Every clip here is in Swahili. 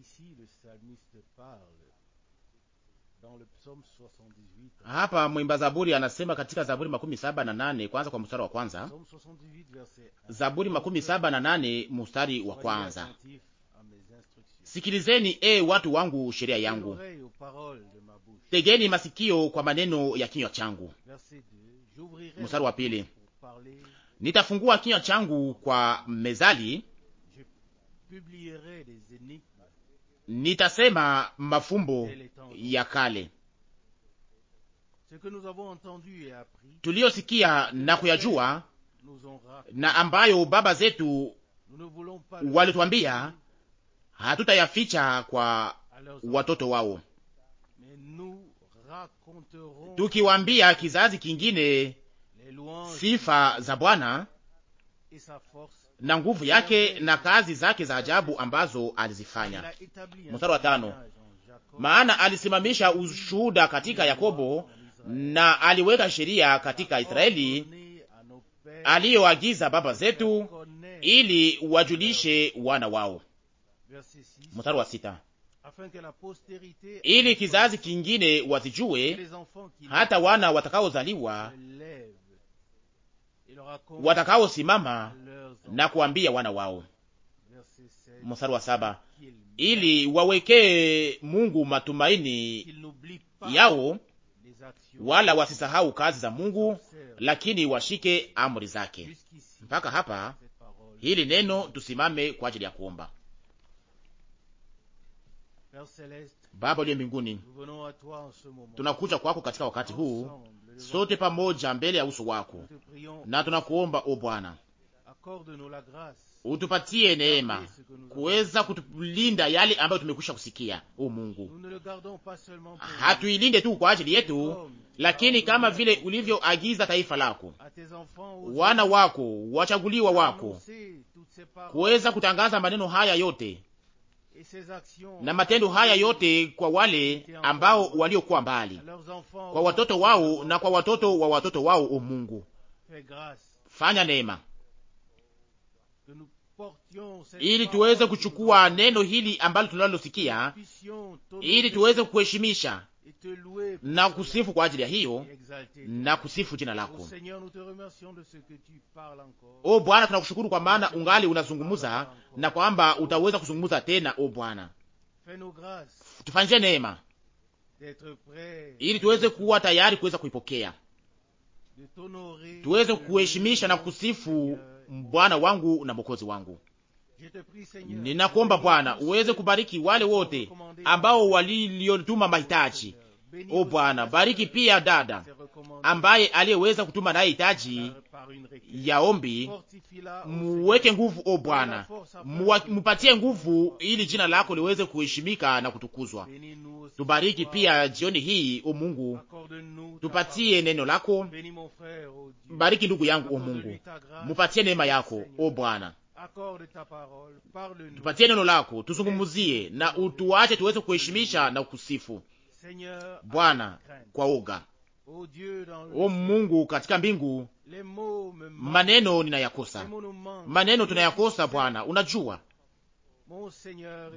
Ici, le psalmiste parle dans le psaume 78. Hapa mwimba Zaburi anasema katika Zaburi makumi saba na nane kwanza kwa mstari wa kwanza. Zaburi makumi saba na nane mstari wa kwanza. Sikilizeni e eh, watu wangu sheria yangu, tegeni masikio kwa maneno ya kinywa changu. Mstari wa pili, nitafungua kinywa changu kwa mezali nitasema mafumbo ya kale tuliyosikia na kuyajua na ambayo baba zetu walitwambia, hatutayaficha kwa watoto wao, tukiwaambia kizazi kingine sifa za Bwana na nguvu yake na kazi zake za ajabu ambazo alizifanya. Mstari wa tano, maana alisimamisha ushuhuda katika Yakobo na aliweka sheria katika Israeli aliyoagiza baba zetu ili wajulishe wana wao. Mstari wa sita, ili kizazi kingine wazijue hata wana watakaozaliwa watakaosimama na kuambia wana wao, mstari wa saba, ili wawekee Mungu matumaini yao, wala wasisahau kazi za Mungu, lakini washike amri zake. Mpaka hapa hili neno, tusimame kwa ajili ya kuomba. Baba uliye mbinguni, tunakuja kwako katika wakati huu sote pamoja mbele ya uso wako, na tunakuomba o Bwana, utupatie neema kuweza kutulinda yale ambayo tumekwisha kusikia. O Mungu, hatuilinde tu kwa ajili yetu, lakini kama vile ulivyoagiza taifa lako, wana wako, wachaguliwa wako, kuweza kutangaza maneno haya yote na matendo haya yote kwa wale ambao waliokuwa mbali, kwa watoto wao na kwa watoto wa watoto wao. O Mungu, fanya neema ili tuweze kuchukua neno hili ambalo tunalosikia, ili tuweze kuheshimisha na kusifu kwa ajili ya hiyo na kusifu jina lako o Bwana. Tunakushukuru kwa maana ungali unazungumuza na kwamba utaweza kuzungumuza tena. O Bwana, tufanyishe neema ili tuweze kuwa tayari kuweza kuipokea, tuweze kuheshimisha na kusifu Bwana wangu na Mwokozi wangu. Ninakuomba Bwana uweze kubariki wale wote ambao waliliotuma mahitaji. O Bwana, bariki pia dada ambaye aliyeweza kutuma naye hitaji ya ombi. Muweke nguvu, o Bwana, mupatie nguvu, ili jina lako liweze kuheshimika na kutukuzwa. Tubariki pia jioni hii, o Mungu, tupatie neno lako. Bariki ndugu yangu, o Mungu, mupatie neema yako, o Bwana tupatie neno lako, tuzungumuzie na utuache tuweze kuheshimisha na kusifu Bwana kwa uga. O Mungu katika mbingu, maneno ninayakosa, maneno tunayakosa Bwana, unajua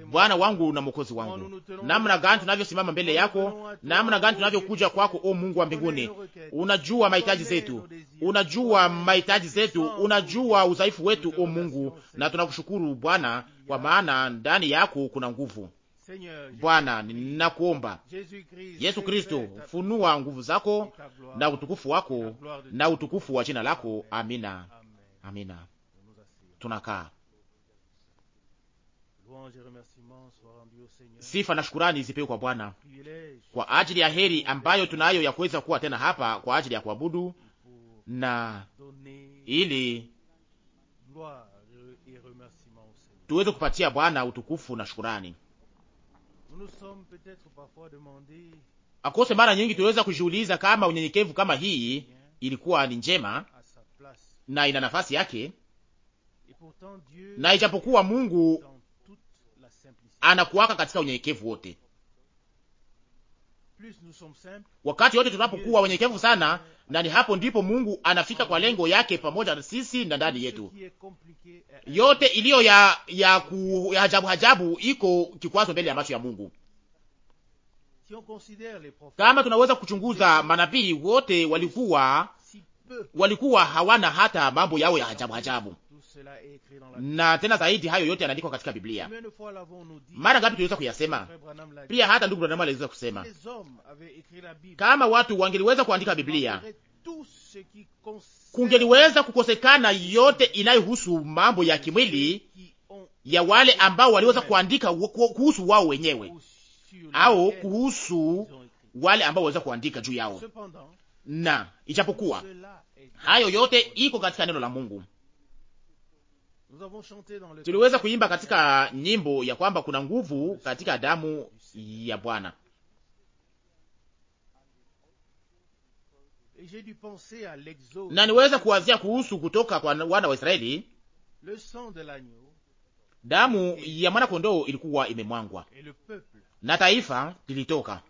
Bwana wangu na mwokozi wangu, namna gani tunavyosimama mbele yako, namna gani tunavyokuja kwako, o Mungu wa mbinguni. Unajua mahitaji zetu, unajua mahitaji zetu, unajua udhaifu wetu, o Mungu, na tunakushukuru Bwana, kwa maana ndani yako kuna nguvu. Bwana, ninakuomba Yesu Kristo, funua nguvu zako na utukufu wako na utukufu wa jina lako. Amina, amina. Tunakaa. Sifa na shukurani zipewe kwa Bwana kwa ajili ya heri ambayo tunayo ya kuweza kuwa tena hapa kwa ajili ya kuabudu na ili tuweze kupatia Bwana utukufu na shukurani. Akose mara nyingi tuweza kujiuliza kama unyenyekevu kama hii ilikuwa ni njema na ina nafasi yake, na ijapokuwa Mungu anakuwaka katika unyenyekevu wote. Wakati wote tunapokuwa wenyekevu sana, na ni hapo ndipo Mungu anafika kwa lengo yake pamoja na sisi na ndani yetu. Yote iliyo ya ya kuhajabu hajabu iko kikwazo mbele ya macho ya Mungu. Kama tunaweza kuchunguza, manabii wote walikuwa walikuwa hawana hata mambo yao ya hajabu hajabu na tena zaidi, hayo yote yanaandikwa katika Biblia. Mara ngapi tuliweza kuyasema pia, hata ndugu Branham aliweza kusema kama watu wangeliweza kuandika Biblia kungeliweza kukosekana yote inayohusu mambo ya kimwili ya wale ambao waliweza kuandika kuhusu wao wenyewe au kuhusu wale ambao waliweza kuandika juu yao. Na ijapokuwa hayo yote iko katika neno la Mungu, tuliweza kuimba katika nyimbo ya kwamba kuna nguvu katika damu ya Bwana. Na niweza kuwazia kuhusu kutoka kwa wana wa Israeli, damu ya mwana kondoo ilikuwa imemwangwa na taifa lilitoka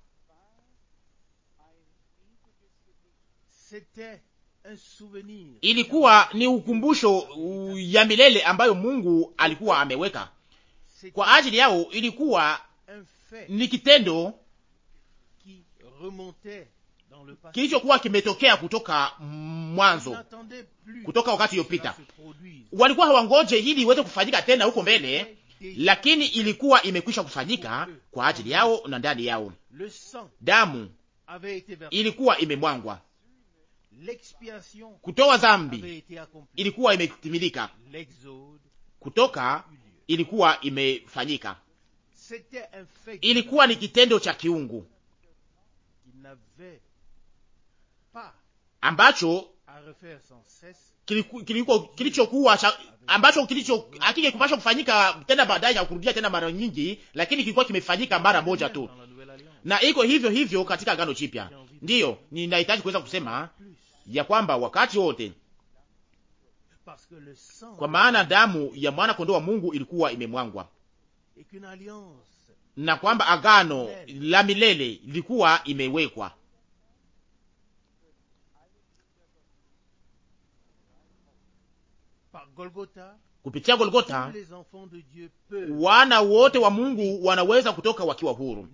ilikuwa ni ukumbusho ya milele ambayo Mungu alikuwa ameweka kwa ajili yao. Ilikuwa ni kitendo kilichokuwa kimetokea kutoka mwanzo, kutoka wakati iliyopita. Walikuwa hawangoje ili iweze kufanyika tena huko mbele, lakini ilikuwa imekwisha kufanyika kwa ajili yao na ndani yao. Damu ilikuwa imemwangwa kutoa zambi ilikuwa imetimilika, kutoka ilikuwa imefanyika. Ilikuwa ni kitendo cha kiungu ambacho kilichokuwa ambacho kilicho hakike kupasha kufanyika tena baadaye ya kurudia tena mara nyingi, lakini kilikuwa kimefanyika mara moja tu, na iko hivyo hivyo katika Agano Jipya Ndiyo, ninahitaji kuweza kusema ya kwamba wakati wote, kwa maana damu ya mwana kondoo wa Mungu ilikuwa imemwangwa na kwamba agano la milele lilikuwa imewekwa. Kupitia Golgota wana wote wa Mungu wanaweza kutoka wakiwa huru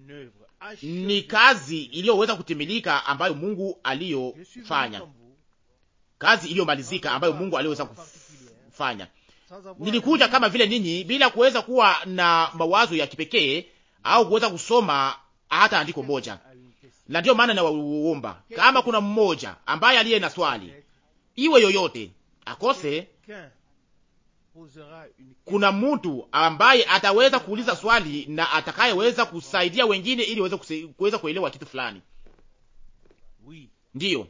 ni kazi iliyoweza kutimilika ambayo Mungu aliyofanya, kazi iliyomalizika ambayo Mungu aliyoweza kufanya. Nilikuja kama vile ninyi bila kuweza kuwa na mawazo ya kipekee au kuweza kusoma hata andiko moja, na ndiyo maana nawaomba kama kuna mmoja ambaye aliye na swali iwe yoyote akose kuna mtu ambaye ataweza kuuliza swali na atakayeweza kusaidia wengine ili waweze kuweza kuelewa kitu fulani. Ndiyo,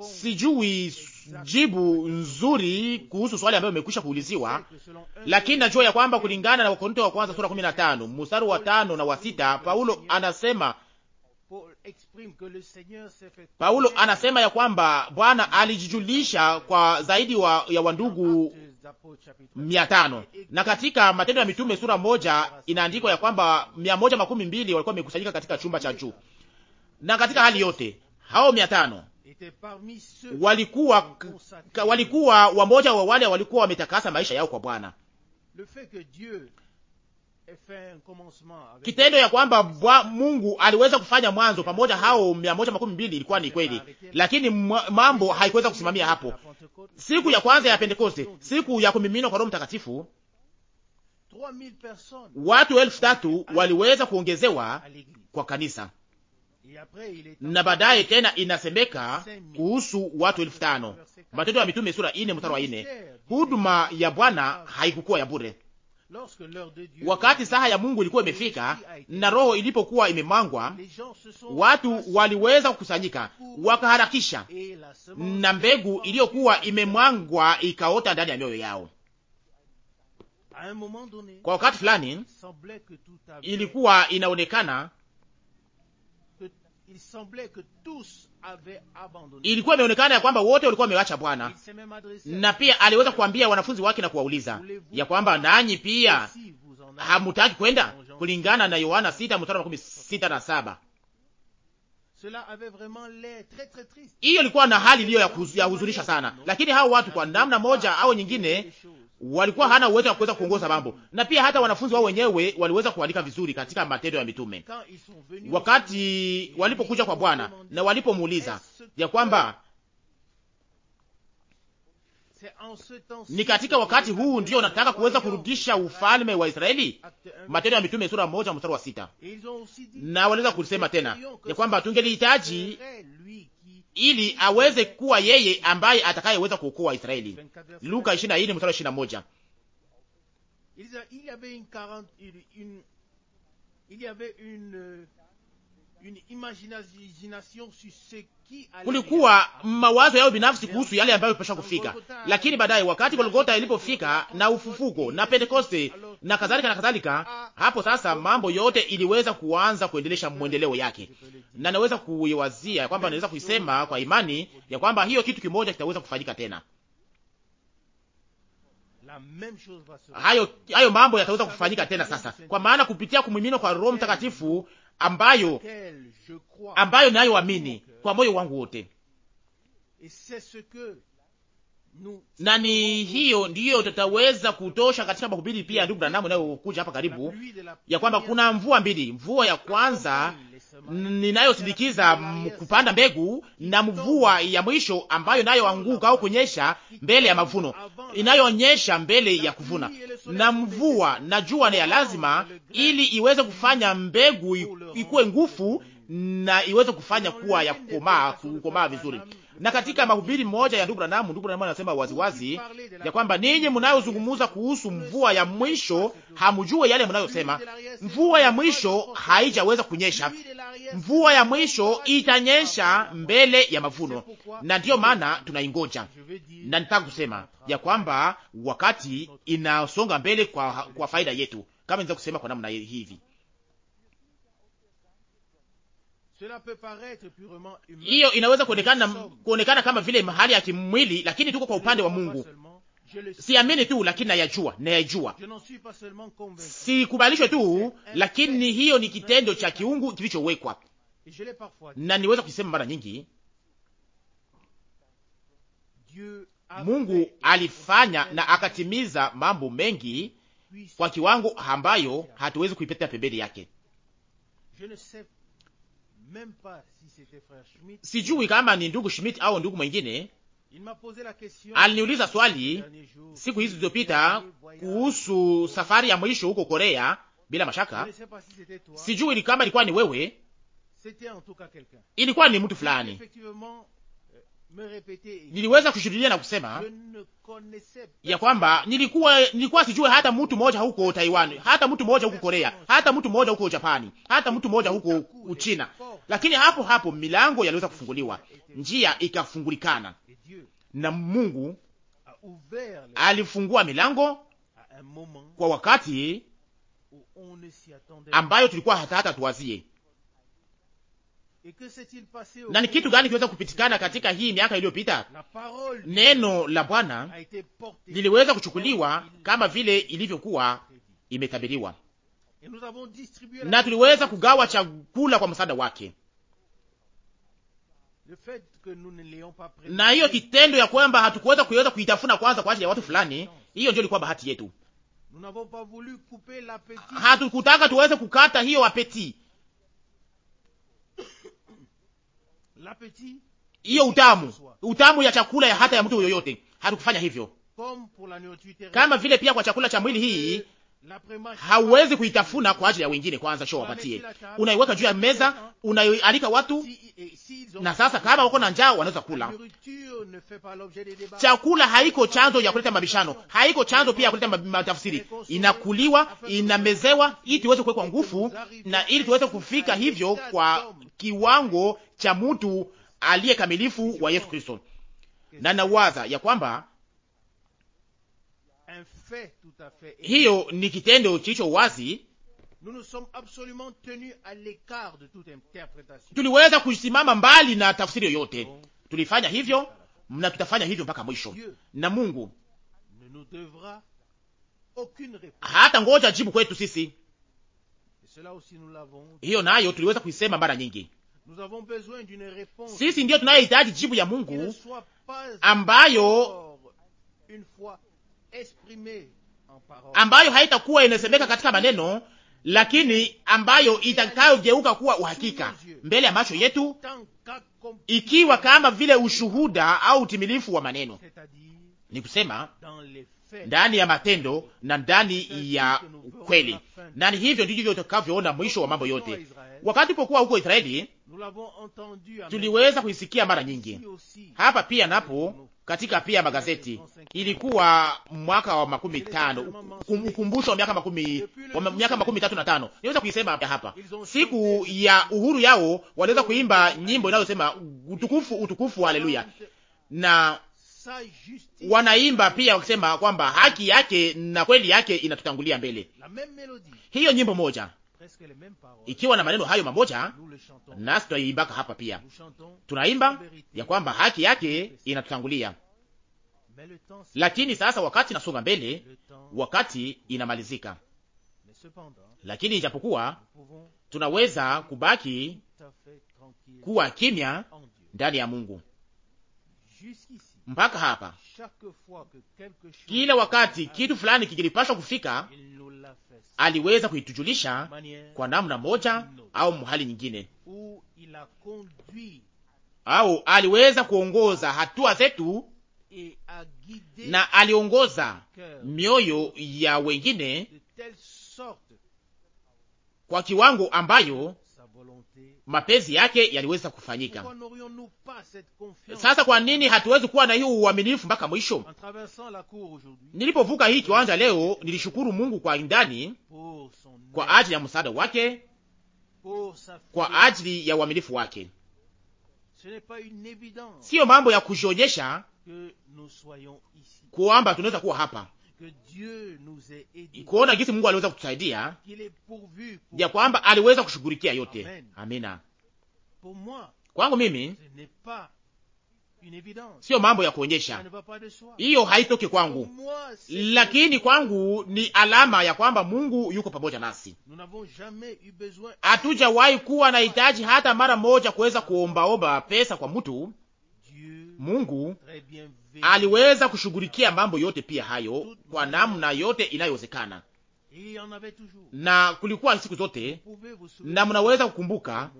sijui jibu nzuri kuhusu swali ambayo imekwisha kuuliziwa, lakini najua ya kwamba kulingana na Wakorinto wa kwanza sura 15 mstari wa tano na wa sita Paulo anasema Paulo anasema ya kwamba Bwana alijijulisha kwa zaidi wa, ya wandugu mia tano na katika Matendo ya Mitume sura moja inaandikwa ya kwamba mia moja makumi mbili walikuwa wamekusanyika katika chumba cha juu, na katika hali yote hao mia tano walikuwa walikuwa wamoja wa wale walikuwa wametakasa maisha yao kwa Bwana kitendo ya kwamba bwa Mungu aliweza kufanya mwanzo pamoja hao mia moja makumi mbili ilikuwa ni kweli, lakini mambo haikuweza kusimamia hapo. Siku ya kwanza ya Pentekoste, siku ya kumiminwa kwa Roho Mtakatifu, watu elfu tatu waliweza kuongezewa kwa kanisa, na baadaye tena inasemeka kuhusu watu elfu tano Matendo ya Mitume sura ine mstari wa ine. Huduma ya Bwana haikukuwa ya bure Wakati saha ya Mungu ilikuwa imefika na roho ilipokuwa imemwangwa, watu waliweza kukusanyika, wakaharakisha na mbegu iliyokuwa imemwangwa ikaota ndani ya mioyo yao. Kwa wakati fulani ilikuwa inaonekana Ilikuwa imeonekana ya kwamba wote walikuwa wamewacha Bwana, na pia aliweza kuambia wanafunzi wake na kuwauliza ya kwamba nanyi pia hamutaki kwenda, kulingana na Yohana 6 mstari wa 16 na hiyo ilikuwa na hali iliyo ya huzunisha sana, lakini hao watu kwa namna moja au nyingine walikuwa hana uwezo wa kuweza kuongoza mambo, na pia hata wanafunzi wao wenyewe waliweza kuandika vizuri katika Matendo ya Mitume wakati walipokuja kwa Bwana na walipomuuliza ya kwamba ni katika wakati huu ndiyo nataka kuweza kurudisha ufalme wa Israeli. Matendo ya Mitume sura moja mstari wa sita. Na waliweza kusema tena ya kwamba tungelihitaji ili aweze kuwa yeye ambaye atakayeweza kuokoa Israeli. Luka 24 mstari wa 21 kulikuwa mawazo yao binafsi kuhusu yale ambayo pasha kufika, lakini baadaye wakati Golgota ilipofika na ufufuko na Pentekoste na kadhalika na kadhalika, ah, hapo sasa mambo yote iliweza kuanza kuendelesha mwendeleo yake, na naweza kuiwazia kwamba naweza kuisema kwa imani ya kwamba hiyo kitu kimoja kitaweza kufanyika tena. Hayo, hayo mambo yataweza kufanyika tena sasa, kwa maana kupitia kumiminwa kwa Roho Mtakatifu ambayo ambayo nayoamini kwa moyo wangu wote, na ni hiyo ndiyo tutaweza kutosha katika mahubiri pia ndugu Branamu inayokuja hapa karibu, ya kwamba kuna mvua mbili, mvua ya kwanza ninayosindikiza kupanda mbegu na mvua ya mwisho ambayo inayoanguka au kunyesha mbele ya mavuno, inayoonyesha mbele ya kuvuna. Na mvua na jua ni ya lazima ili iweze kufanya mbegu ikuwe nguvu na iweze kufanya kuwa ya kukomaa kukomaa vizuri. Na katika mahubiri moja ya ndugu Branham, ndugu Branham anasema waziwazi ya kwamba ninyi mnayozungumza kuhusu mvua ya mwisho hamjue yale mnayosema. Mvua ya mwisho haijaweza kunyesha, mvua ya mwisho itanyesha mbele ya mavuno, na ndiyo maana tunaingoja. Na nitaka kusema ya kwamba wakati inasonga mbele kwa, kwa faida yetu, kama niweza kusema kwa namna hivi Hiyo inaweza kuonekana kuonekana kama vile mahali ya kimwili, lakini tuko kwa upande wa Mungu. Siamini tu lakini nayajua, nayajua, sikubalishwe tu, lakini hiyo ni kitendo cha kiungu kilichowekwa, na niweza kusema mara nyingi Mungu alifanya na akatimiza mambo mengi kwa kiwango ambayo hatuwezi kuipeta pembeni yake. Sijui kama ni ndugu Schmidt au ndugu mwengine aliniuliza swali siku hizi zilizopita kuhusu safari ya mwisho huko Korea. Bila mashaka sijui kama ilikuwa ni wewe, ilikuwa ni mtu fulani niliweza kushuhudia na kusema ya kwamba nilikuwa nilikuwa sijue hata mtu mmoja huko Taiwan, hata mtu mmoja huko Korea, hata mtu mmoja huko Japani, hata mtu mmoja huko Uchina. Lakini hapo hapo milango yaliweza kufunguliwa, njia ikafungulikana, na Mungu alifungua milango kwa wakati ambayo tulikuwa hata hata tuwazie na ni kitu gani kiweza kupitikana katika hii miaka iliyopita? Neno la Bwana liliweza kuchukuliwa kama vile ilivyokuwa imetabiriwa, na tuliweza kugawa chakula kwa msaada wake. Na hiyo kitendo ya kwamba hatukuweza kuweza kuitafuna kwanza kwa ajili ya watu fulani, hiyo ndio ilikuwa bahati yetu. Hatukutaka tuweze kukata hiyo apeti hiyo utamu, utamu ya chakula ya hata ya mtu yoyote. Hatukufanya hivyo kama vile pia kwa chakula cha mwili hii hauwezi kuitafuna kwa ajili ya wengine kwanza, sho wapatie, unaiweka juu ya meza, unaialika watu. Na sasa kama wako na njaa, wanaweza kula chakula. Haiko chanzo ya kuleta mabishano, haiko chanzo pia ya kuleta matafsiri. Inakuliwa, inamezewa ili tuweze kuwekwa nguvu na ili tuweze kufika hivyo kwa kiwango cha mtu aliye kamilifu wa Yesu Kristo, na nawaza ya kwamba hiyo ni kitendo kilicho wazi. Tuliweza kusimama mbali na tafsiri yoyote, tulifanya hivyo na tutafanya hivyo mpaka mwisho, na Mungu hata ngoja jibu kwetu sisi. Hiyo nayo tuliweza kuisema mara nyingi, sisi ndiyo tunayehitaji jibu ya Mungu ambayo ambayo haitakuwa inasemeka katika maneno, lakini ambayo itakayogeuka kuwa uhakika mbele ya macho yetu, ikiwa kama vile ushuhuda au utimilifu wa maneno, ni kusema ndani ya matendo na ndani ya kweli, na ni hivyo ndivyo tutakavyoona mwisho wa mambo yote. Wakati ulipokuwa huko Israeli, tuliweza kuisikia mara nyingi hapa pia napo katika pia magazeti. Ilikuwa mwaka wa makumi tano ukumbusho wa miaka makumi wa miaka makumi tatu na tano niweza kuisema hapa. Siku ya uhuru yao waliweza kuimba nyimbo inayosema utukufu, utukufu, haleluya na wanaimba pia wakisema kwamba haki yake na kweli yake inatutangulia mbele. Hiyo nyimbo moja ikiwa na maneno hayo mamoja, nasi tunaiimbaka hapa pia, tunaimba ya kwamba haki yake inatutangulia. Lakini sasa wakati inasonga mbele, wakati inamalizika, lakini ijapokuwa tunaweza kubaki kuwa kimya ndani ya Mungu mpaka hapa. Kila wakati kitu fulani kikilipashwa kufika, aliweza kuitujulisha kwa namna moja au mhali nyingine, au aliweza kuongoza hatua zetu na aliongoza mioyo ya wengine kwa kiwango ambayo mapenzi yake yaliweza kufanyika. Sasa kwa nini hatuwezi kuwa na hiyo uaminifu mpaka mwisho? Nilipovuka hii kiwanja leo, nilishukuru Mungu kwa ndani kwa ajili ya msaada wake, kwa ajili ya uaminifu wake. Siyo mambo ya kujionyesha kwamba tunaweza kuwa hapa, kuona gisi Mungu aliweza kutusaidia ya kwamba aliweza kushughulikia yote. Amen. Amina. Kwangu mimi siyo mambo ya kuonyesha, hiyo haitoki kwangu, lakini kwangu ni alama ya kwamba Mungu yuko pamoja nasi. Hatujawahi kuwa na hitaji hata mara moja kuweza kuombaomba pesa kwa mtu Mungu aliweza kushughulikia mambo yote pia hayo kwa namna yote inayowezekana, na kulikuwa siku zote, na mnaweza kukumbuka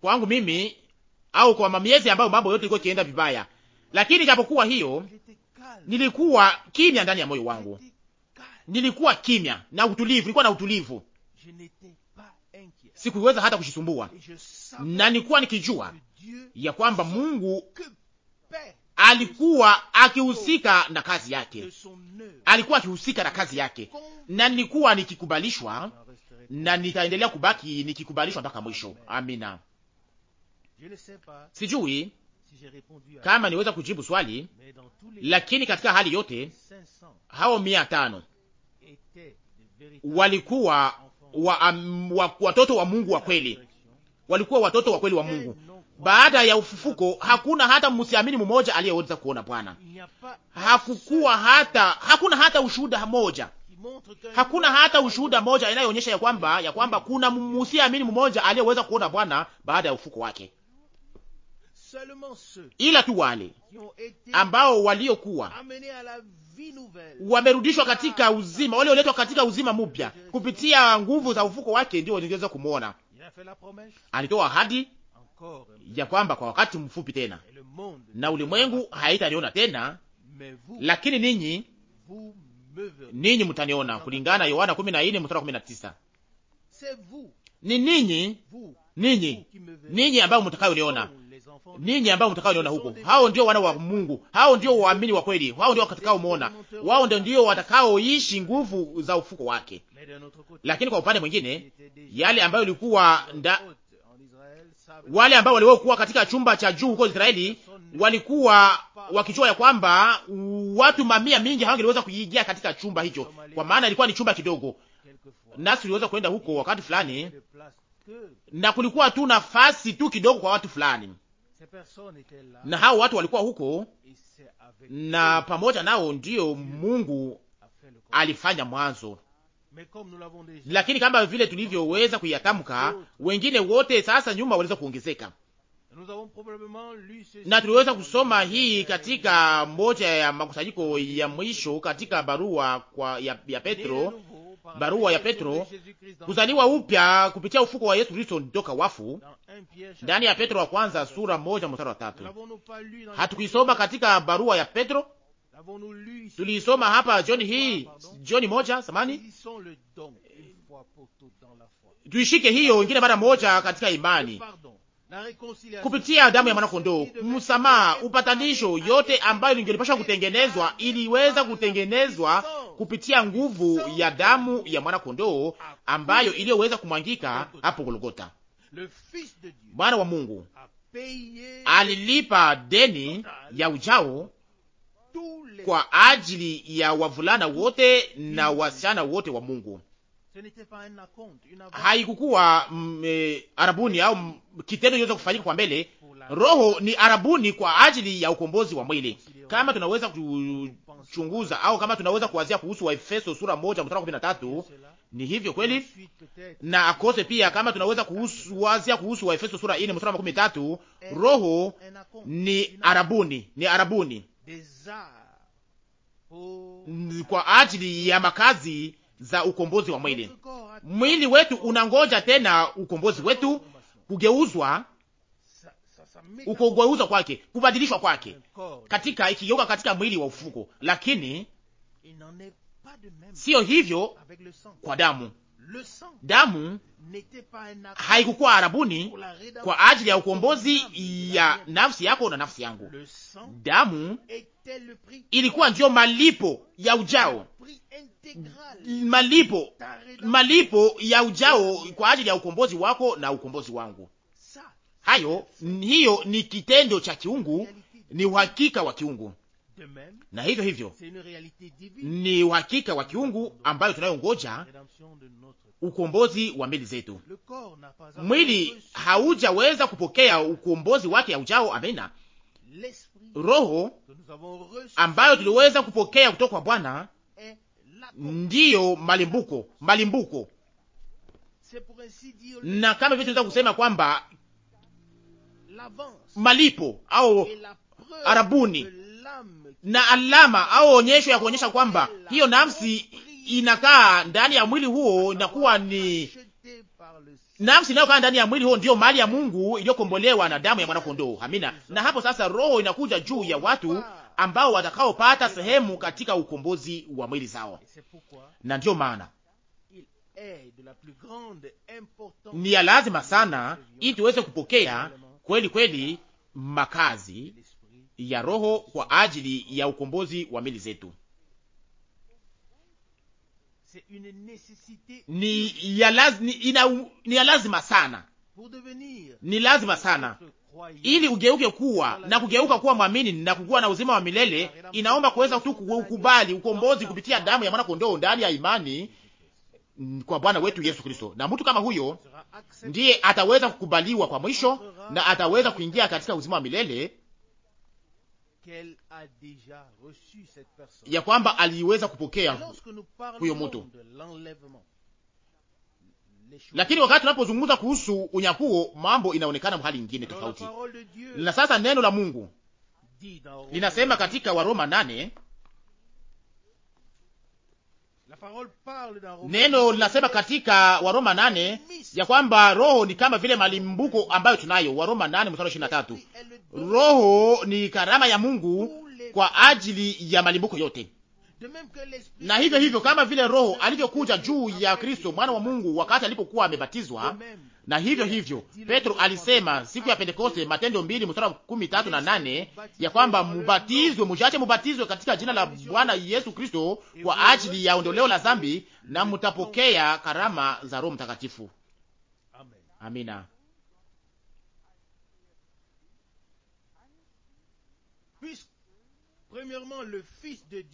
kwangu mimi au kwa mamiezi ambayo mambo yote ilikuwa ikienda vibaya, lakini japokuwa hiyo, nilikuwa kimya ndani ya moyo wangu, nilikuwa kimya na utulivu, nilikuwa na utulivu, sikuweza hata kujisumbua, na nilikuwa nikijua ya kwamba Mungu alikuwa akihusika na kazi yake, alikuwa akihusika na kazi yake, na nilikuwa nikikubalishwa na nitaendelea kubaki nikikubalishwa mpaka mwisho. Amina. Sijui kama niweza kujibu swali, lakini katika hali yote hao mia tano walikuwa wa, um, wa, watoto wa Mungu wa kweli, walikuwa watoto wa kweli wa Mungu baada ya ufufuko hakuna hata msiamini mmoja aliyeweza kuona Bwana. Hakukuwa hata hakuna hata ushuhuda moja, hakuna hata ushuhuda mmoja inayoonyesha ya kwamba ya kwamba kuna msiamini mmoja aliyeweza kuona Bwana baada ya ufufuko wake, ila tu wale ambao waliokuwa wamerudishwa katika uzima, walioletwa katika uzima mpya kupitia nguvu za ufufuko wake, ndio waliweza kumwona. Alitoa ahadi ya kwamba kwa wakati mfupi tena na ulimwengu haitaniona tena, lakini ninyi ninyi mtaniona, kulingana Yohana 14 mstari 19. Ni ninyi ninyi ninyi ambao mtakayoniona, ninyi ambao mtakayoniona huko. Hao ndio wana wa Mungu, hao ndio waamini wa kweli, hao ndio watakaomuona, wao ndio ndio watakaoishi nguvu za ufuko wake. Lakini kwa upande mwingine, yale ambayo ilikuwa wale ambao waliokuwa katika chumba cha juu huko Israeli walikuwa wakijua ya kwamba watu mamia mingi hawangeliweza kuingia katika chumba hicho, kwa maana ilikuwa ni chumba kidogo. Nasi tuliweza kwenda huko wakati fulani, na kulikuwa tu nafasi tu kidogo kwa watu fulani, na hao watu walikuwa huko, na pamoja nao ndio Mungu alifanya mwanzo lakini kama vile tulivyoweza kuyatamka, wengine wote sasa nyuma waliweza kuongezeka, na tuliweza kusoma hii katika moja ya makusanyiko ya mwisho katika barua kwa ya, ya Petro, barua ya Petro, kuzaliwa upya kupitia ufuko wa Yesu Kristo ndoka wafu, ndani ya Petro wa kwanza sura moja mstari wa tatu. Hatukuisoma katika barua ya Petro tuliisoma hapa jioni hii, jioni moja samani, tuishike hiyo ingine mara moja katika imani kupitia damu ya mwanakondoo, msamaha, upatanisho, yote ambayo lingelipashwa kutengenezwa iliweza kutengenezwa kupitia nguvu ya damu ya mwanakondoo ambayo iliyoweza kumwangika hapo Golgota. Mwana wa Mungu alilipa deni ya ujao kwa ajili ya wavulana wote na wasichana wote wa Mungu. Haikukuwa mm, e, arabuni au kitendo iweza kufanyika kwa mbele. Roho ni arabuni kwa ajili ya ukombozi wa mwili, kama tunaweza kuchunguza au kama tunaweza kuwazia kuhusu Waefeso sura moja mstari kumi na tatu. Ni hivyo kweli, na akose pia kama tunaweza kuhusu, wazia kuhusu Waefeso sura ine mstari makumi tatu. E, roho e, ni arabuni, ni arabuni kwa ajili ya makazi za ukombozi wa mwili. Mwili wetu unangoja tena ukombozi wetu, kugeuzwa, ukugeuzwa kwake, kubadilishwa kwake, katika ikigeuka katika mwili wa ufuko, lakini siyo hivyo kwa damu. Damu haikukuwa arabuni kwa ajili ya ukombozi ya nafsi yako na nafsi yangu. Damu ilikuwa ndiyo malipo ya ujao, malipo malipo ya ujao kwa ajili ya ukombozi wako na ukombozi wangu. Hayo hiyo ni kitendo cha kiungu, ni uhakika wa kiungu na hivyo hivyo ni uhakika wa kiungu ambayo tunayongoja ukombozi wa mili zetu. Mwili haujaweza kupokea ukombozi wake aujao. Amena. Roho ambayo tuliweza kupokea kutoka kwa Bwana ndiyo malimbuko, malimbuko. Na kama vile tunaweza kusema kwamba malipo au arabuni na alama au onyesho ya kuonyesha kwamba hiyo nafsi inakaa ndani ya mwili huo, inakuwa ni nafsi inayokaa ndani ya mwili huo, ndiyo mali ya Mungu iliyokombolewa na damu ya mwanakondoo. Amina. Na hapo sasa roho inakuja juu ya watu ambao watakaopata sehemu katika ukombozi wa mwili zao, na ndiyo maana ni ya lazima sana ili tuweze kupokea kweli kweli makazi ya Roho kwa ajili ya ukombozi wa mili zetu. Ni ya lazima, ina, ni ya lazima sana, ni lazima sana ili ugeuke kuwa na kugeuka kuwa mwamini na kukuwa na uzima wa milele. Inaomba kuweza tu kukubali ukombozi kupitia damu ya mwana kondoo ndani ya imani kwa Bwana wetu Yesu Kristo. Na mtu kama huyo ndiye ataweza kukubaliwa kwa mwisho na ataweza kuingia katika uzima wa milele ya kwamba aliweza kupokea huyo mtu. Lakini wakati tunapozungumza kuhusu unyakuo, mambo inaonekana mahali ingine tofauti. Na sasa neno la Mungu linasema katika Waroma nane Neno linasema katika Waroma nane ya kwamba roho ni kama vile malimbuko ambayo tunayo. Waroma nane mstari ishirini na tatu. Roho ni karama ya Mungu kwa ajili ya malimbuko yote na hivyo hivyo kama vile Roho alivyokuja juu ya Kristo mwana wa Mungu wakati alipokuwa amebatizwa. Na hivyo hivyo Petro alisema siku ya Pentekoste, Matendo mbili mstari wa kumi tatu na nane ya kwamba mubatizwe, mujache mubatizwe katika jina la Bwana Yesu Kristo kwa ajili ya ondoleo la zambi, na mutapokea karama za Roho Mtakatifu. Amina.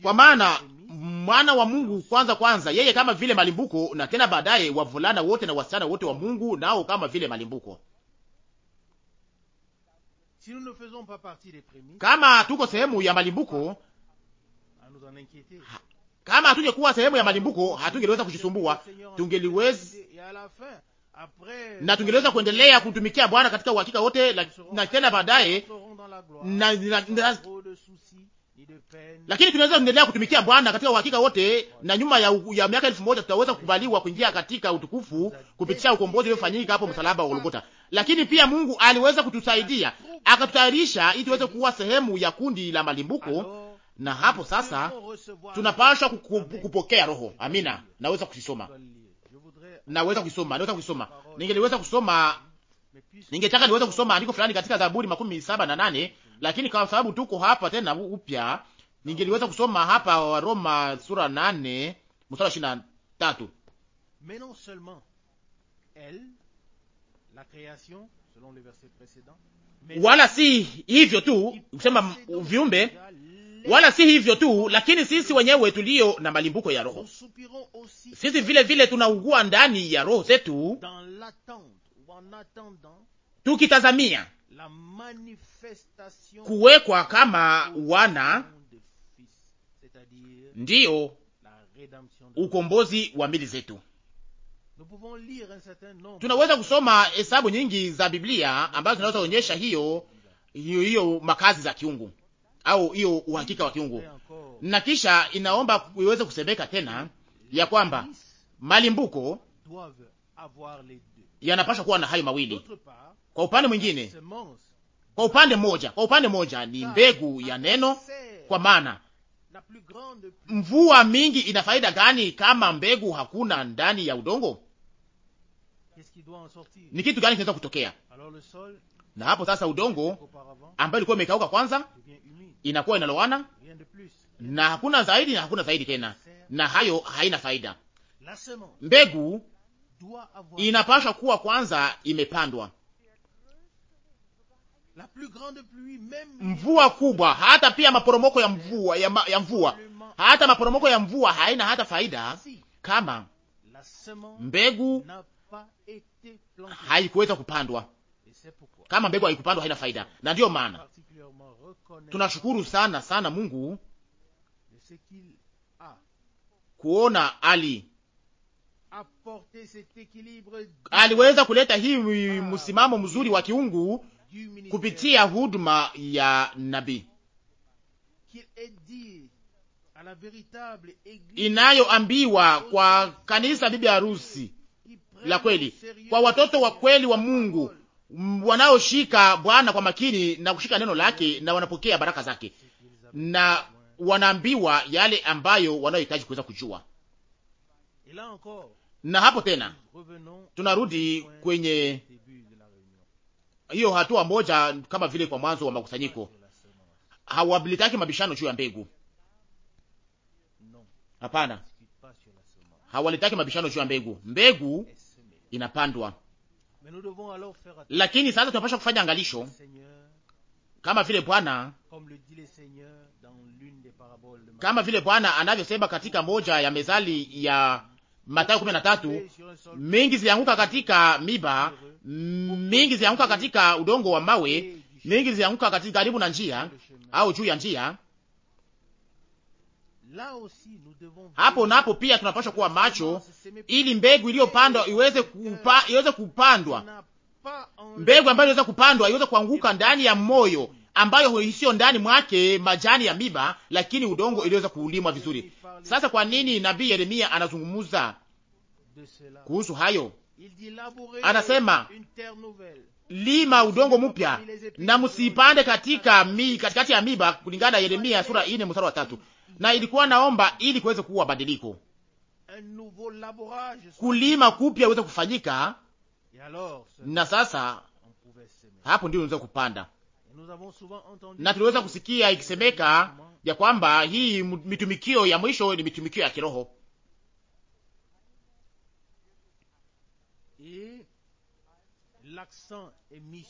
kwa maana mwana wa Mungu kwanza kwanza, yeye kama vile malimbuko, na tena baadaye wavulana wote na wasichana wote wa Mungu nao kama vile malimbuko. Kama tuko sehemu ya malimbuko, kama hatungekuwa sehemu ya malimbuko, hatungeliweza kujisumbua, tungeliweza na tungeliweza kuendelea kutumikia Bwana katika uhakika wote, na tena baadaye na, na, na, lakini tunaweza kuendelea kutumikia Bwana katika uhakika wote, na nyuma ya, ya miaka elfu moja tutaweza kukubaliwa kuingia katika utukufu kupitia ukombozi uliofanyika hapo msalaba wa Golgotha. Lakini pia Mungu aliweza kutusaidia akatutayarisha ili tuweze kuwa sehemu ya kundi la malimbuko, na hapo sasa tunapaswa kupokea Roho. Amina. Naweza kusoma, naweza kusoma, naweza kusoma, ningeliweza kusoma, ningetaka niweze kusoma andiko fulani katika Zaburi makumi saba na nane, lakini kwa sababu tuko hapa tena upya ningeliweza kusoma hapa wa Roma sura nane mstari ishirini na tatu wala si hivyo tu kusema viumbe, wala si hivyo tu, lakini sisi wenyewe tulio na malimbuko ya roho, sisi vile vile tunaugua ndani ya roho zetu, tukitazamia kuwekwa kama wana ndiyo ukombozi wa mili zetu. Tunaweza kusoma hesabu nyingi za Biblia ambazo zinaweza kuonyesha hiyo hiyo hiyo makazi za kiungu au hiyo uhakika wa kiungu, na kisha inaomba iweze kusemeka tena ya kwamba malimbuko yanapaswa kuwa na hayo mawili. Kwa upande mwingine, kwa upande mmoja, kwa upande mmoja ni mbegu ya neno, kwa maana Mvua mingi ina faida gani kama mbegu hakuna ndani ya udongo? Ni kitu gani kinaweza kutokea? Na hapo sasa udongo ambayo ilikuwa imekauka kwanza inakuwa inalowana, na hakuna zaidi na hakuna zaidi tena, na hayo haina faida. Mbegu inapashwa kuwa kwanza imepandwa mvua kubwa, hata pia maporomoko ya mvua ya, ma, ya mvua, hata maporomoko ya mvua haina hata faida kama mbegu haikuweza kupandwa. Kama mbegu haikupandwa, haina faida. Na ndiyo maana tunashukuru sana sana Mungu kuona ali aliweza kuleta hii ah, msimamo mzuri wa kiungu kupitia huduma ya nabii inayoambiwa kwa kanisa bibi harusi la kweli, kwa watoto wa kweli wa Mungu wanaoshika Bwana kwa makini na kushika neno lake na wanapokea baraka zake na wanaambiwa yale ambayo wanayohitaji kuweza kujua. Na hapo tena tunarudi kwenye hiyo hatua moja, kama vile kwa mwanzo wa makusanyiko hawabilitaki mabishano juu ya mbegu. Hapana, hawalitaki mabishano juu ya mbegu. Mbegu inapandwa, lakini sasa tunapasha kufanya angalisho kama vile Bwana kama vile Bwana anavyosema katika moja ya mezali ya Mathayo kumi na tatu, mingi zilianguka katika miba, mingi zilianguka katika udongo wa mawe, mingi zilianguka katika karibu na njia au juu ya njia. Hapo napo pia tunapaswa kuwa macho, ili mbegu iliyopandwa iweze kupa, iweze kupandwa, mbegu ambayo iweze kupandwa iweze kuanguka ndani ya moyo ambayo isiyo ndani mwake majani ya miba, lakini udongo iliweza kulimwa vizuri. Sasa kwa nini nabii Yeremia anazungumza kuhusu hayo? Anasema, lima udongo mpya na msipande katika mi, katikati ya miba, kulingana na Yeremia sura 4 mstari wa tatu. Na ilikuwa naomba ili kuweze kuwa badiliko, kulima kupya uweze kufanyika, na sasa hapo ndio unaweza kupanda na tuliweza kusikia ikisemeka ya kwamba hii mitumikio ya mwisho ni mitumikio ya kiroho.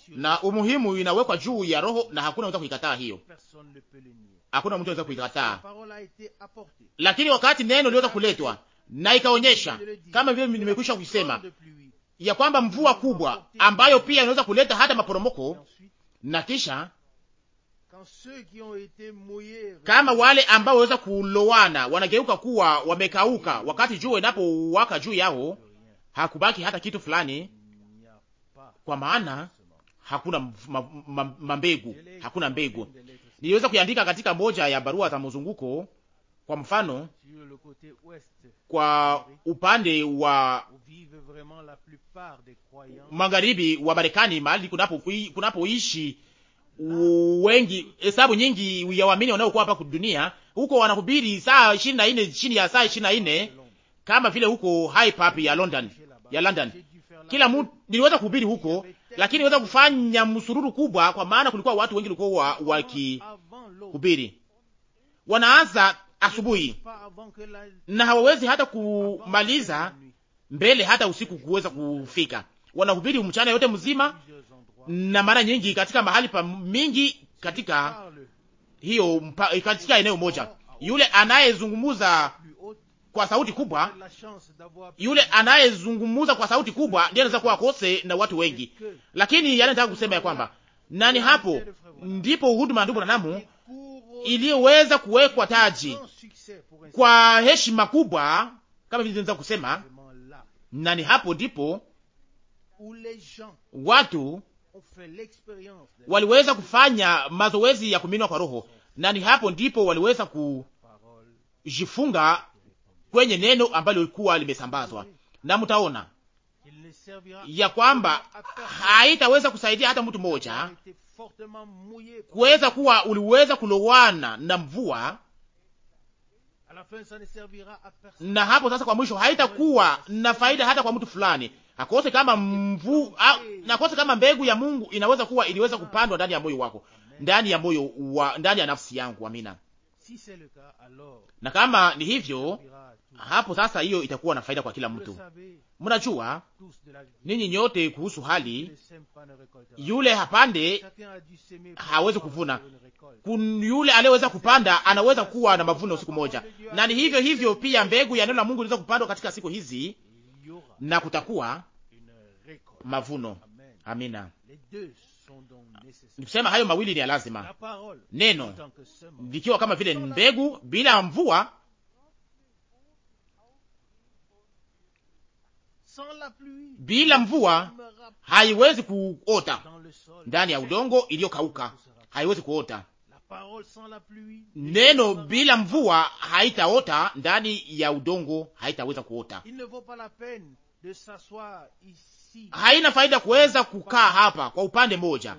na umuhimu inawekwa juu ya roho, na hakuna mtu kuikataa hiyo, hakuna mtu anaweza kuikataa. Lakini wakati neno liweza kuletwa na ikaonyesha kama vile nimekwisha kusema ya kwamba mvua kubwa ambayo pia inaweza kuleta hata maporomoko na kisha kama wale ambao waweza kulowana wanageuka kuwa wamekauka, wakati jua inapowaka juu yao, hakubaki hata kitu fulani, kwa maana hakuna mambegu, hakuna mbegu. Niliweza kuiandika katika moja ya barua za mzunguko kwa mfano, kwa upande wa magharibi wa Marekani, mahali kunapoishi kunapo ah. wengi hesabu nyingi ya waamini wanaokuwa hapa dunia, huko wanahubiri saa ishirini na nne chini ya saa ishirini na nne kama vile huko High Park ya London ya London. Kila mtu niliweza kuhubiri huko, lakini niweza kufanya msururu kubwa, kwa maana kulikuwa watu wengi walikuwa wakihubiri. Wanaanza asubuhi, na hawawezi hata kumaliza mbele hata usiku kuweza kufika. Wanahubiri mchana yote mzima, na mara nyingi katika mahali pa mingi katika hiyo mpa, katika eneo moja. Yule anayezungumuza kwa sauti kubwa, yule anayezungumza kwa sauti kubwa ndiye anaweza kuwa kose na watu wengi, lakini yale nataka kusema ya kwamba nani hapo ndipo huduma ndugu na namu iliyoweza kuwekwa taji kwa heshima kubwa, kama vile naweza kusema na ni hapo ndipo watu waliweza kufanya mazoezi ya kuminwa kwa Roho, na ni hapo ndipo waliweza kujifunga kwenye neno ambalo lilikuwa limesambazwa, na mtaona ya kwamba haitaweza kusaidia hata mtu mmoja kuweza kuwa uliweza kulowana na mvua, na hapo sasa, kwa mwisho haitakuwa na faida hata kwa mtu fulani akose kama mvu, a, nakose kama mbegu ya Mungu inaweza kuwa iliweza kupandwa ndani ya moyo wako, ndani ya moyo wa, ndani ya nafsi yangu. Amina na kama ni hivyo, hapo sasa hiyo itakuwa na faida kwa kila mtu. Mnajua ninyi nyote kuhusu hali, yule hapande hawezi kuvuna, yule aliyeweza kupanda anaweza kuwa na mavuno siku moja, na ni hivyo hivyo pia mbegu ya neno la Mungu inaweza kupandwa katika siku hizi na kutakuwa mavuno. Amina. Nikusema hayo mawili ni ya lazima, neno likiwa kama vile mbegu bila mvua bila mvua haiwezi kuota ndani ya udongo iliyokauka, haiwezi kuota. Neno bila mvua haitaota ndani ya udongo, haitaweza kuota haina faida kuweza kukaa hapa kwa upande mmoja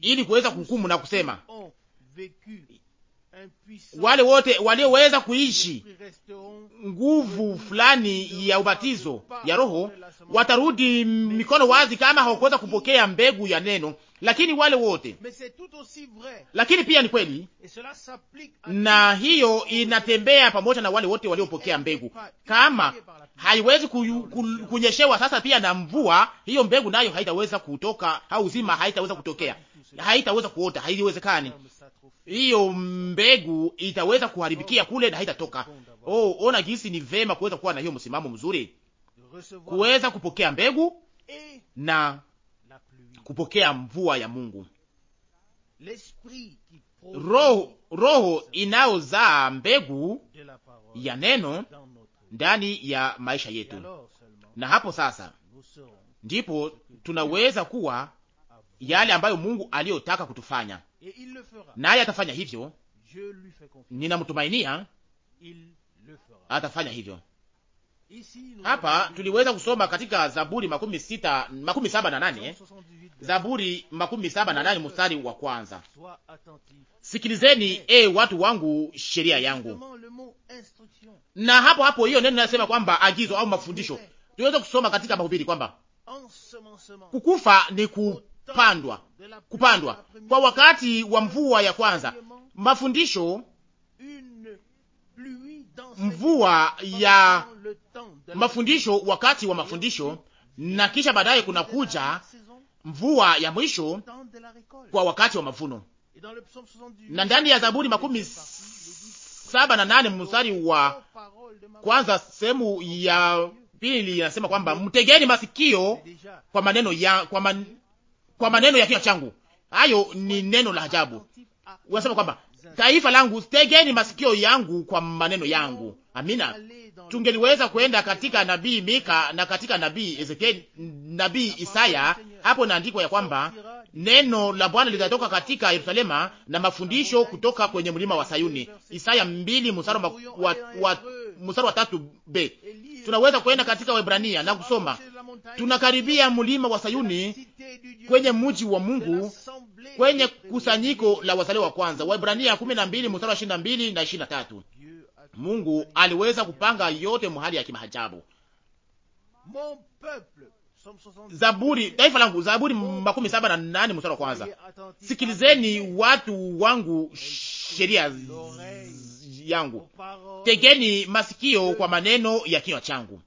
ili kuweza kuhukumu na kusema wale wote walioweza kuishi nguvu fulani ya ubatizo ya Roho watarudi mikono wazi, kama hawakuweza kupokea mbegu ya neno, lakini wale wote. Lakini pia ni kweli, na hiyo inatembea pamoja na wale wote waliopokea mbegu. Kama haiwezi kunyeshewa sasa pia na mvua, hiyo mbegu nayo haitaweza kutoka, au uzima haitaweza kutokea, haitaweza kuota, haiwezekani hiyo mbegu itaweza kuharibikia kule na haitatoka. Oh, ona jinsi ni vema kuweza kuwa na hiyo msimamo mzuri, kuweza kupokea mbegu na kupokea mvua ya Mungu. Roho, roho inayozaa mbegu ya neno ndani ya maisha yetu, na hapo sasa ndipo tunaweza kuwa yale ambayo Mungu aliyotaka kutufanya, naye atafanya hivyo. Ninamtumainia atafanya hivyo. Hapa tuliweza kusoma katika Zaburi makumi sita, makumi saba na nane Zaburi makumi saba na nane mstari wa kwanza sikilizeni e eh, watu wangu sheria yangu. Na hapo hapo hiyo neno nasema kwamba agizo au mafundisho, tuliweza kusoma katika mahubiri kwamba kukufa ni ku kupandwa kupandwa kwa wakati wa mvua ya kwanza, mafundisho mvua ya mafundisho, wakati wa mafundisho, na kisha baadaye kuna kuja mvua ya mwisho kwa wakati wa mavuno. Na ndani ya Zaburi makumi saba na nane mstari wa kwanza sehemu ya pili inasema kwamba mtegeni masikio kwa maneno ya, kwa man, kwa maneno ya kinywa changu. Hayo ni neno la ajabu. Unasema kwamba taifa langu, tegeni masikio yangu kwa maneno yangu. Amina. Tungeliweza kwenda katika nabii Mika na katika nabii Ezekieli, nabii Isaya. Hapo naandikwa ya kwamba neno la Bwana litatoka katika Yerusalema na mafundisho kutoka kwenye mlima wa Sayuni. Isaya mbili mstari wa, wa, wa, mstari wa tatu b. Tunaweza kwenda katika Waebrania na kusoma tunakaribia mlima wa Sayuni, kwenye mji wa Mungu, kwenye kusanyiko la wazalio wa kwanza. Waebrania 12 mstari wa 22 na 23. Mungu aliweza kupanga yote mahali ya kimahajabu. Zaburi, taifa langu, Zaburi makumi saba na nane mstari wa kwanza. Sikilizeni watu wangu, sheria yangu, tegeni masikio kwa maneno ya kinywa changu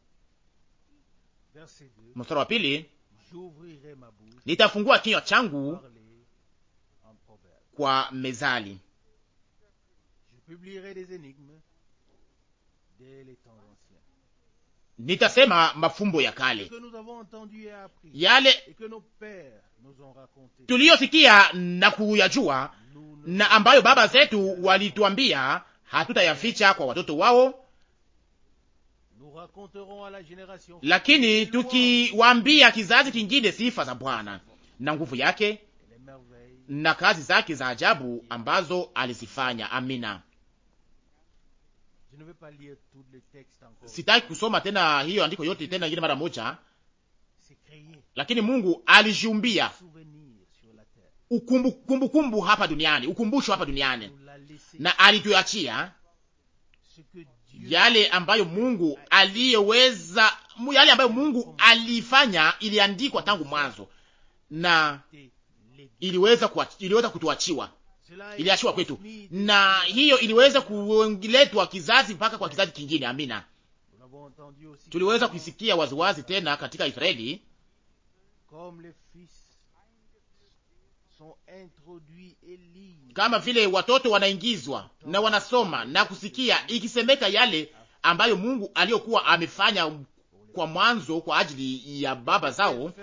mstari wa pili, nitafungua kinywa changu kwa mezali, nitasema mafumbo ya kale yale tuliyosikia na kuyajua na ambayo baba zetu walituambia, hatutayaficha kwa watoto wao lakini tukiwaambia kizazi kingine sifa za Bwana na nguvu yake na kazi zake za ajabu ambazo alizifanya. Amina. Sitaki kusoma tena hiyo andiko yote tena ingine mara moja, lakini Mungu alijiumbia ukumbukumbu kumbu hapa duniani, ukumbusho hapa duniani, na alituachia yale ambayo Mungu aliyeweza, yale ambayo Mungu alifanya iliandikwa tangu mwanzo na iliweza kuwa, iliweza kutuachiwa iliachiwa kwetu, na hiyo iliweza kuongeletwa kizazi mpaka kwa kizazi kingine. Amina, tuliweza kuisikia waziwazi tena katika Israeli kama vile watoto wanaingizwa na wanasoma na kusikia ikisemeka yale ambayo Mungu aliyokuwa amefanya kwa mwanzo kwa ajili ya baba zao,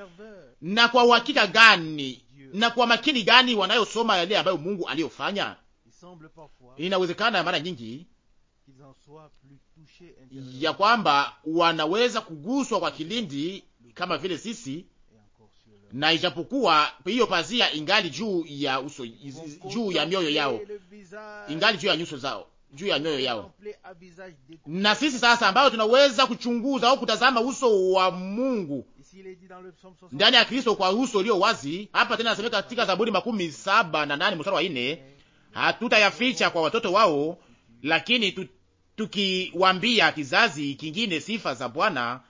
na kwa uhakika gani na kwa makini gani wanayosoma yale ambayo Mungu aliyofanya. Inawezekana mara nyingi ya kwamba wanaweza kuguswa kwa kilindi kama vile sisi na ijapokuwa hiyo pazia ingali juu ya uso, juu ya mioyo yao, ingali juu ya nyuso zao, juu ya mioyo yao. Na sisi sasa ambayo tunaweza kuchunguza au kutazama uso wa Mungu ndani ya Kristo kwa uso ulio wazi. Hapa tena nasemeka katika Zaburi makumi saba na nane mstari wa nne, hatutayaficha kwa watoto wao, lakini tukiwambia kizazi kingine sifa za Bwana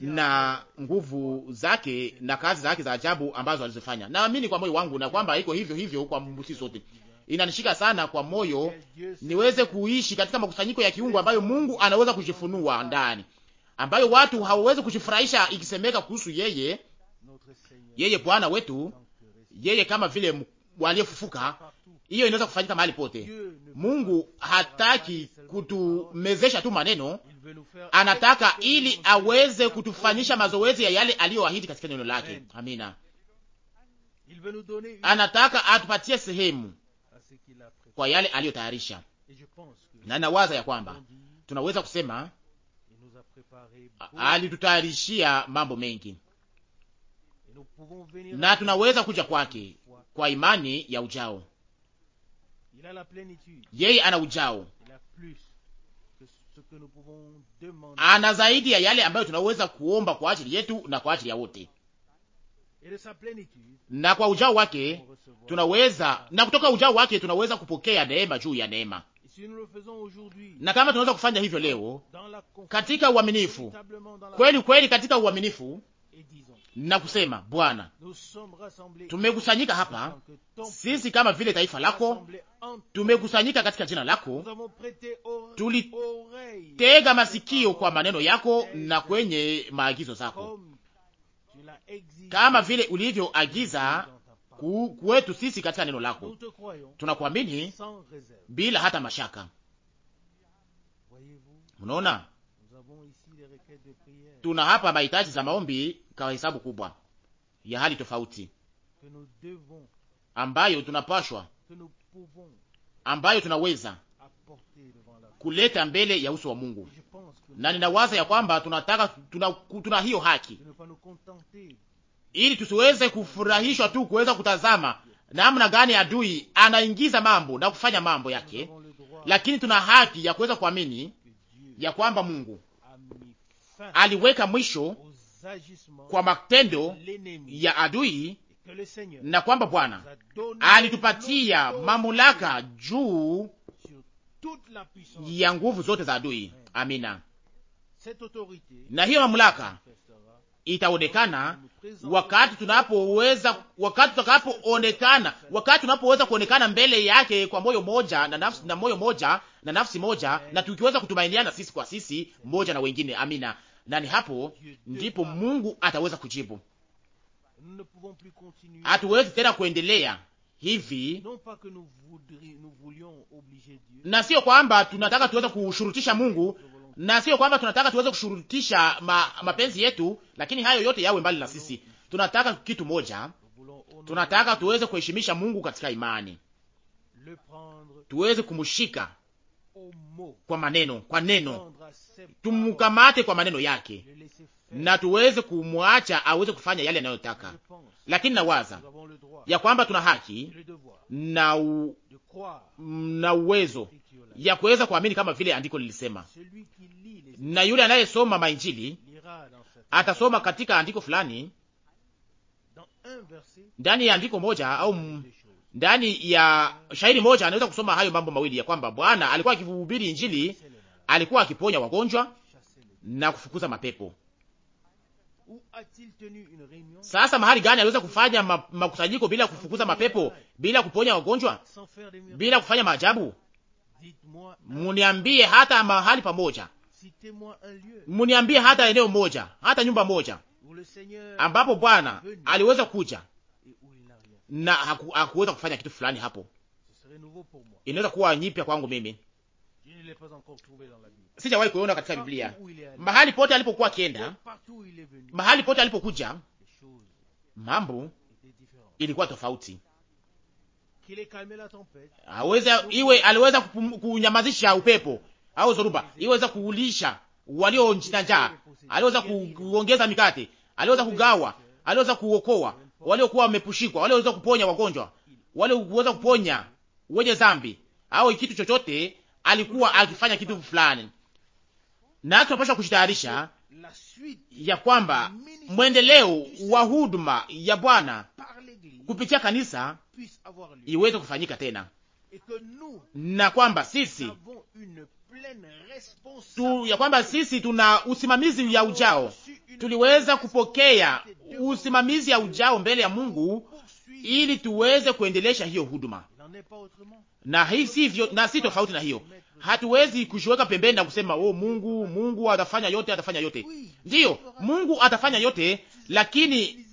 na nguvu zake na kazi zake za ajabu ambazo alizofanya. Naamini kwa moyo wangu na kwamba iko hivyo hivyo kwa sisi zote. Inanishika sana kwa moyo niweze kuishi katika makusanyiko ya kiungu ambayo Mungu anaweza kujifunua ndani, ambayo watu hawawezi kujifurahisha ikisemeka kuhusu yeye, yeye Bwana wetu, yeye kama vile waliofufuka. Hiyo inaweza kufanyika mahali pote. Mungu hataki kutumezesha tu maneno, anataka ili aweze kutufanyisha mazoezi ya yale aliyoahidi katika neno lake. Amina. Anataka atupatie sehemu kwa yale aliyotayarisha, na nawaza ya kwamba tunaweza kusema alitutayarishia mambo mengi na tunaweza kuja kwake kwa imani ya ujao. Yeye ana ujao, ana zaidi ya yale ambayo tunaweza kuomba kwa ajili yetu na kwa ajili ya wote, na kwa ujao wake tunaweza na kutoka ujao wake tunaweza kupokea neema juu ya neema na kama tunaweza kufanya hivyo leo katika uaminifu kweli kweli, katika uaminifu na kusema, Bwana, tumekusanyika hapa sisi kama vile taifa lako, tumekusanyika katika jina lako, tulitega masikio kwa maneno yako na kwenye maagizo zako, kama vile ulivyoagiza ku, kwetu sisi katika neno lako. Tunakuamini bila hata mashaka. Mnaona tuna hapa mahitaji za maombi kwa hesabu kubwa ya hali tofauti ambayo tunapashwa ambayo tunaweza kuleta mbele ya uso wa Mungu, na ninawaza ya kwamba tunataka tuna, tuna hiyo haki ili tusiweze kufurahishwa tu kuweza kutazama namna gani adui anaingiza mambo na kufanya mambo yake, lakini tuna haki ya kuweza kuamini ya kwamba Mungu aliweka mwisho kwa matendo ya adui na kwamba Bwana alitupatia mamlaka juu ya nguvu zote za adui. Amina. Na hiyo mamlaka itaonekana wakati tunapoweza, wakati tutakapoonekana, wakati tunapoweza kuonekana mbele yake kwa moyo moja na nafsi na moyo moja na nafsi moja, na tukiweza kutumainiana sisi kwa sisi moja na wengine. Amina. Na ni hapo ndipo Mungu ataweza kujibu. Hatuwezi tena kuendelea hivi, na sio kwamba tunataka tuweze kushurutisha Mungu, na sio kwamba tunataka tuweze kushurutisha ma, mapenzi yetu, lakini hayo yote yawe mbali na sisi. Tunataka kitu moja, tunataka tuweze kuheshimisha Mungu katika imani, tuweze kumshika kwa maneno, kwa neno, tumkamate kwa maneno yake na tuweze kumwacha aweze kufanya yale anayotaka. Lakini nawaza ya kwamba tuna haki na, u, na uwezo ya kuweza kuamini kama vile andiko lilisema, na yule anayesoma mainjili atasoma katika andiko fulani ndani ya andiko moja au ndani ya shairi moja, anaweza kusoma hayo mambo mawili ya kwamba Bwana alikuwa akihubiri injili, alikuwa akiponya wagonjwa na kufukuza mapepo. Sasa mahali gani aliweza kufanya makusanyiko bila kufukuza mapepo, bila kuponya wagonjwa, bila kufanya maajabu? muniambie hata mahali pamoja, muniambie hata eneo moja, hata nyumba moja ambapo Bwana aliweza kuja na haku, hakuweza kufanya kitu fulani hapo. Inaweza kuwa nyipya kwangu mimi, sijawahi kuona katika Biblia. Mahali pote alipokuwa akienda, mahali pote alipokuja, mambo ilikuwa tofauti aweza iwe aliweza kunyamazisha upepo au zoruba, iweza kuulisha walio na njaa, aliweza kuongeza mikate, aliweza kugawa, aliweza kuokoa waliokuwa wamepushikwa, walioweza kuponya wagonjwa, walioweza kuponya wenye zambi au kitu chochote, alikuwa akifanya kitu fulani, na tunapaswa kujitayarisha ya kwamba mwendeleo wa huduma ya Bwana kupitia kanisa iweze kufanyika tena, na kwamba sisi tu, ya kwamba sisi tuna usimamizi ya ujao, tuliweza kupokea usimamizi ya ujao mbele ya Mungu ili tuweze kuendelesha hiyo huduma na hii sivyo, na si tofauti na hiyo. Hatuwezi kujiweka pembeni na kusema oh, Mungu Mungu atafanya yote, atafanya yote. Ndiyo, Mungu atafanya yote, lakini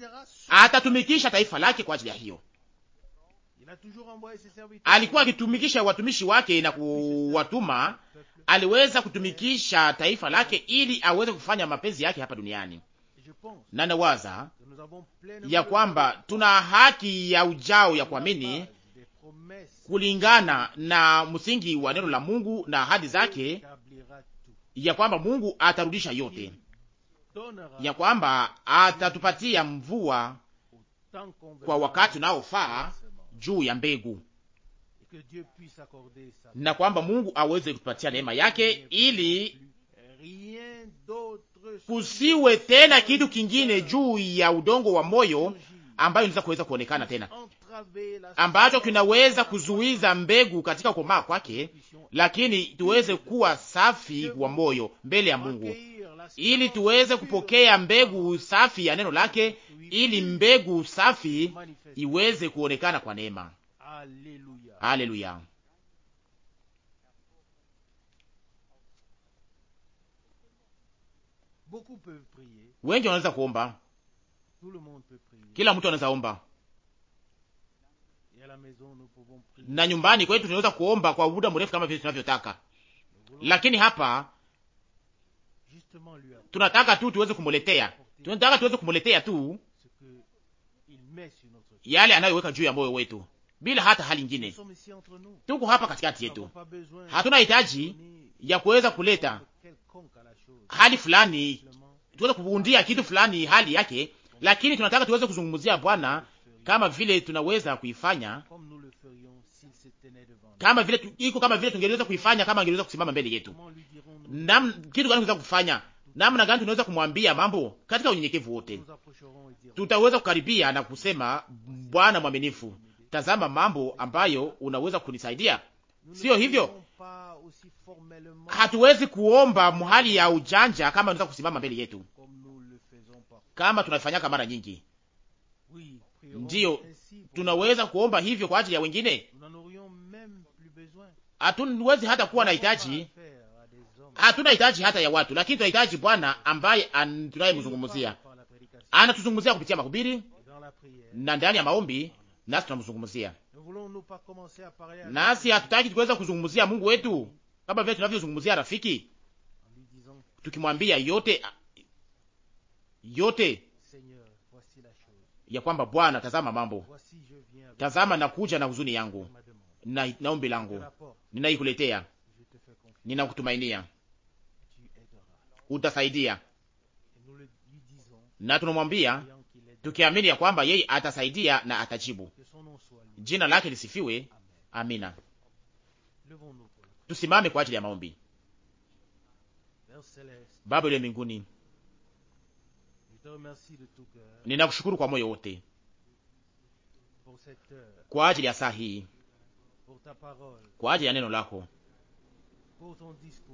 atatumikisha taifa lake kwa ajili ya hiyo. Alikuwa akitumikisha watumishi wake na kuwatuma, aliweza kutumikisha taifa lake ili aweze kufanya mapenzi yake hapa duniani, na nawaza ya kwamba tuna haki ya ujao ya kuamini kulingana na msingi wa neno la Mungu na ahadi zake, ya kwamba Mungu atarudisha yote, ya kwamba atatupatia mvua kwa wakati unaofaa juu ya mbegu, na kwamba Mungu aweze kutupatia neema yake ili kusiwe tena kitu kingine juu ya udongo wa moyo ambayo inaweza kuweza kuonekana tena, ambacho kinaweza kuzuiza mbegu katika kukomaa kwake, lakini tuweze kuwa safi wa moyo mbele ya Mungu, ili tuweze kupokea mbegu safi ya neno lake, ili mbegu safi iweze kuonekana kwa neema. Haleluya! Wengi wanaweza kuomba, kila mtu anaweza omba na nyumbani kwetu tunaweza kuomba kwa muda mrefu kama vile tunavyotaka, lakini hapa tunataka tu tuweze kumletea, tunataka tuweze kumletea tu yale anayoweka juu ya moyo wetu bila hata hali ingine. Tuko hapa katikati yetu, hatuna hitaji ya kuweza kuleta hali fulani, tuweze kuundia kitu fulani hali yake, lakini tunataka tuweze kuzungumzia Bwana kama vile tunaweza kuifanya, kama vile iko, kama vile tungeweza kuifanya kama angeweza kusimama mbele yetu. Nam, kitu gani tunaweza kufanya? Namna gani tunaweza kumwambia mambo katika unyenyekevu wote? Tutaweza kukaribia na kusema, Bwana mwaminifu, tazama mambo ambayo unaweza kunisaidia. Sio hivyo, hatuwezi kuomba mhali ya ujanja kama tunaweza kusimama mbele yetu, kama tunafanyaka mara nyingi. Ndiyo, tunaweza kuomba hivyo kwa ajili ya wengine. Hatuwezi hata kuwa na hitaji, hatuna hitaji hata ya watu, lakini tunahitaji Bwana ambaye tunayemzungumzia, anatuzungumzia kupitia mahubiri na ndani ya maombi, nasi tunamzungumzia. Nasi hatutaki tukiweza kuzungumzia Mungu wetu kama vile tunavyozungumzia rafiki, tukimwambia yote yote ya kwamba Bwana, tazama mambo, tazama nakuja na huzuni yangu na, na ombi langu ninaikuletea, ninakutumainia, utasaidia. Na tunamwambia tukiamini ya kwamba yeye atasaidia na atajibu. Jina lake lisifiwe, amina. Tusimame kwa ajili ya maombi. Baba ile mbinguni Ninakushukuru kwa moyo wote euh, kwa ajili ya saa hii, kwa ajili ya neno lako,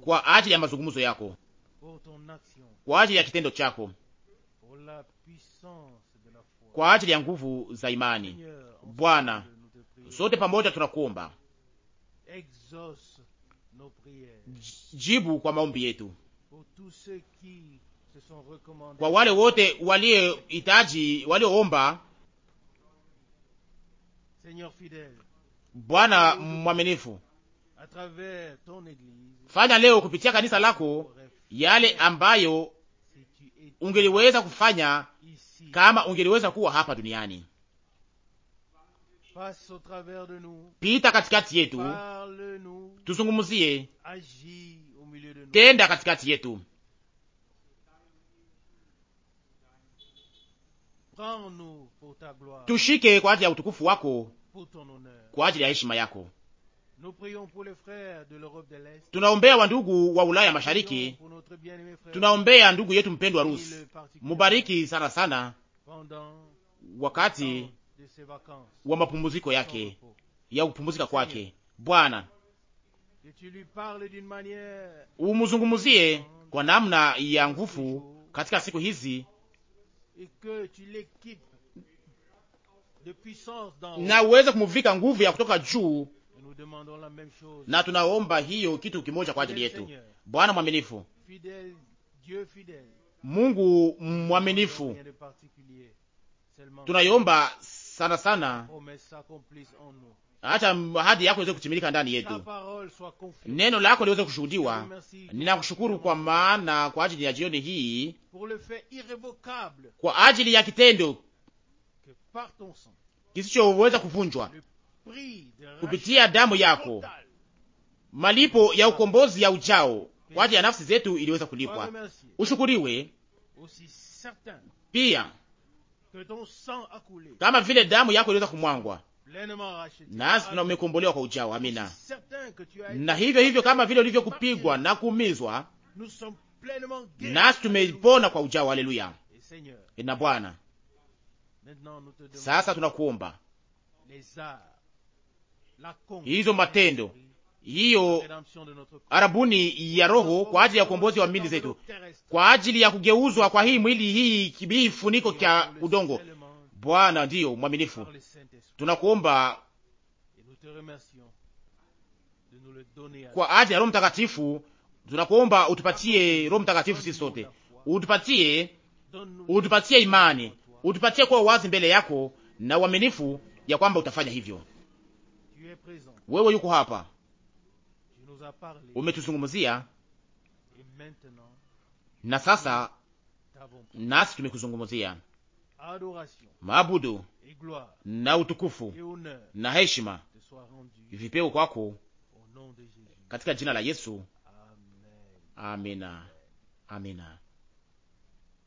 kwa ajili ya mazungumzo yako, kwa ajili ya kitendo chako, kwa ajili ya nguvu za imani. Bwana, sote pamoja tunakuomba, jibu kwa maombi yetu kwa wale wote waliohitaji, walioomba. Bwana mwaminifu, fanya leo kupitia kanisa lako yale ambayo ungeliweza kufanya kama ungeliweza kuwa hapa duniani. Pita katikati yetu, tuzungumzie, tenda katikati yetu, tushike kwa ajili ya utukufu wako, kwa ajili ya heshima yako. Tunaombea wandugu wa Ulaya Mashariki, tunaombea ndugu yetu mpendwa Rus. Mubariki sana sana wakati wa mapumziko yake ya kupumzika kwake. Bwana, umuzungumuzie kwa namna ya nguvu katika siku hizi na uweze kumuvika nguvu ya kutoka juu, na tunaomba hiyo kitu kimoja kwa ajili yetu. Bwana mwaminifu, Mungu mwaminifu, tunaiomba sana sana hata ahadi yako iweze kutimilika ndani yetu, neno lako liweze kushuhudiwa. Ninakushukuru kwa maana, kwa ajili ya jioni hii, kwa ajili ya kitendo kisichoweza kuvunjwa kupitia damu yako, malipo ya ukombozi ya ujao kwa ajili ya nafsi zetu iliweza kulipwa. Ushukuriwe pia kama vile damu yako iliweza kumwangwa nasi ah, na umekombolewa kwa ujao. Amina. Na hivyo hivyo kama vile ulivyokupigwa na kuumizwa, nasi tumepona kwa ujao. Haleluya e na Bwana. Sasa tunakuomba hizo matendo hiyo arabuni ya roho kwa ajili ya ukombozi wa mili zetu, kwa ajili ya kugeuzwa kwa hii mwili hii, kibii funiko kya udongo Bwana ndiyo mwaminifu. Tunakuomba kwa ajili ya Roho Mtakatifu, tunakuomba utupatie Roho Mtakatifu sisi sote, utupatie utupatie imani, utupatie kuwa wazi mbele yako na uaminifu ya kwamba utafanya hivyo. Wewe yuko hapa, umetuzungumzia na sasa nasi tumekuzungumzia maabudu na utukufu na heshima vipewe kwako katika jina la Yesu. Amina, amina.